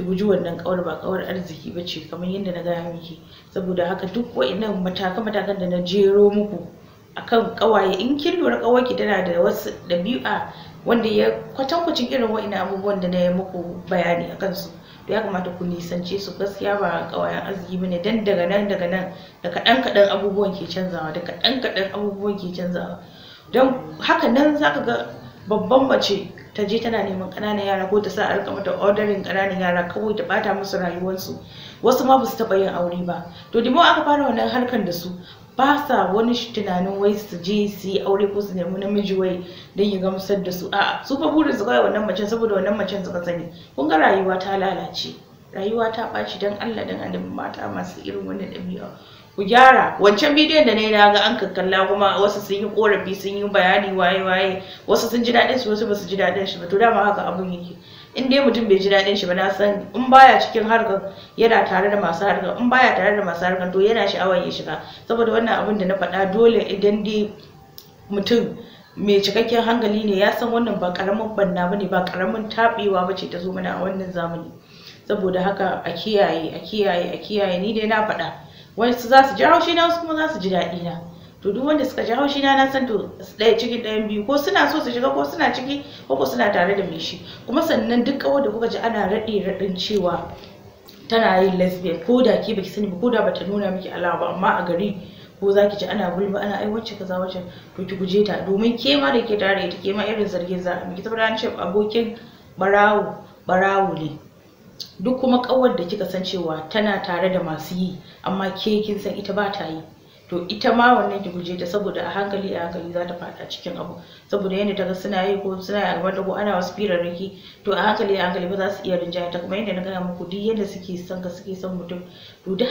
ki guji wannan kawar ba kawar arziki ba ce kamar yadda na gaya miki saboda haka duk wa'innan matakan matakan da na jero muku akan kawaye in kin lura ki tana da wasu ɗabi'a wanda ya kwatankwacin irin wa'innan abubuwan da na yi muku bayani a kansu to ya kamata ku nisance su gaskiya ba kawayen arziki ne dan daga nan daga nan da kaɗan kaɗan abubuwan ke canzawa da kaɗan kaɗan abubuwan ke canzawa don haka nan ka ga babban mace ta je tana neman ƙananan yara ko ta sa a rika mata ordering ƙananan yara kawai ta bata musu rayuwarsu wasu ma ba su taɓa yin aure ba to dimo aka fara wannan harkar da su ba sa wani tunanin wai su je su yi aure ko su nemi namiji wai don ya gamsar da su a'a su fa burin su kawai wannan mace, saboda wannan macen suka sani kun ga rayuwa ta lalace rayuwa ta ɓaci don Allah don annabi mata masu irin wannan ɗabi'a ku gyara wancan bidiyon da na yi na ga an kakkalla kuma wasu sun yi korafi sun yi bayani waye waye wasu sun ji daɗin su, wasu ba su ji daɗin shi ba to dama haka abun yake in dai mutum bai ji daɗin shi ba na san in baya cikin harkar yana tare da masu harkar in baya tare da masu harkar to yana sha'awar ya shiga saboda wannan abun da na faɗa dole idan dai mutum mai cikakken hankali ne ya san wannan ba karamin banna bane ba karamin taɓewa ce ta zo mana a wannan zamani saboda haka a kiyaye a kiyaye a kiyaye ni dai na faɗa wasu za su ji haushi na wasu kuma za su ji daɗi na to duk wanda suka ji haushi na na san to ɗaya cikin ɗayan biyu ko suna so su shiga ko suna ciki ko ko suna tare da mai shi kuma sannan duk kawar da kuka ji ana raɗe raɗin cewa tana yin lesbian ko da ke baki sani ba ko da bata nuna miki alama ba amma a gari ko za ki ji ana gulma ana ai wacce kaza wacce to ki guje ta domin ke ma da ke tare da ita ke ma irin zargin za a miki saboda an ce abokin barawo barawo ne duk kuma kawar da kika san cewa tana tare da masu yi amma ke kin san ita ba ta yi to ita ma wannan ki guje ta saboda a hankali a hankali za ta fada cikin abu saboda yadda ta ga suna yi ko suna yi da ko ana wasu firarraki to a hankali a hankali ba za su iya rinjaya ta kuma yadda na gaya muku duk yadda suke son ka suke son mutum to duk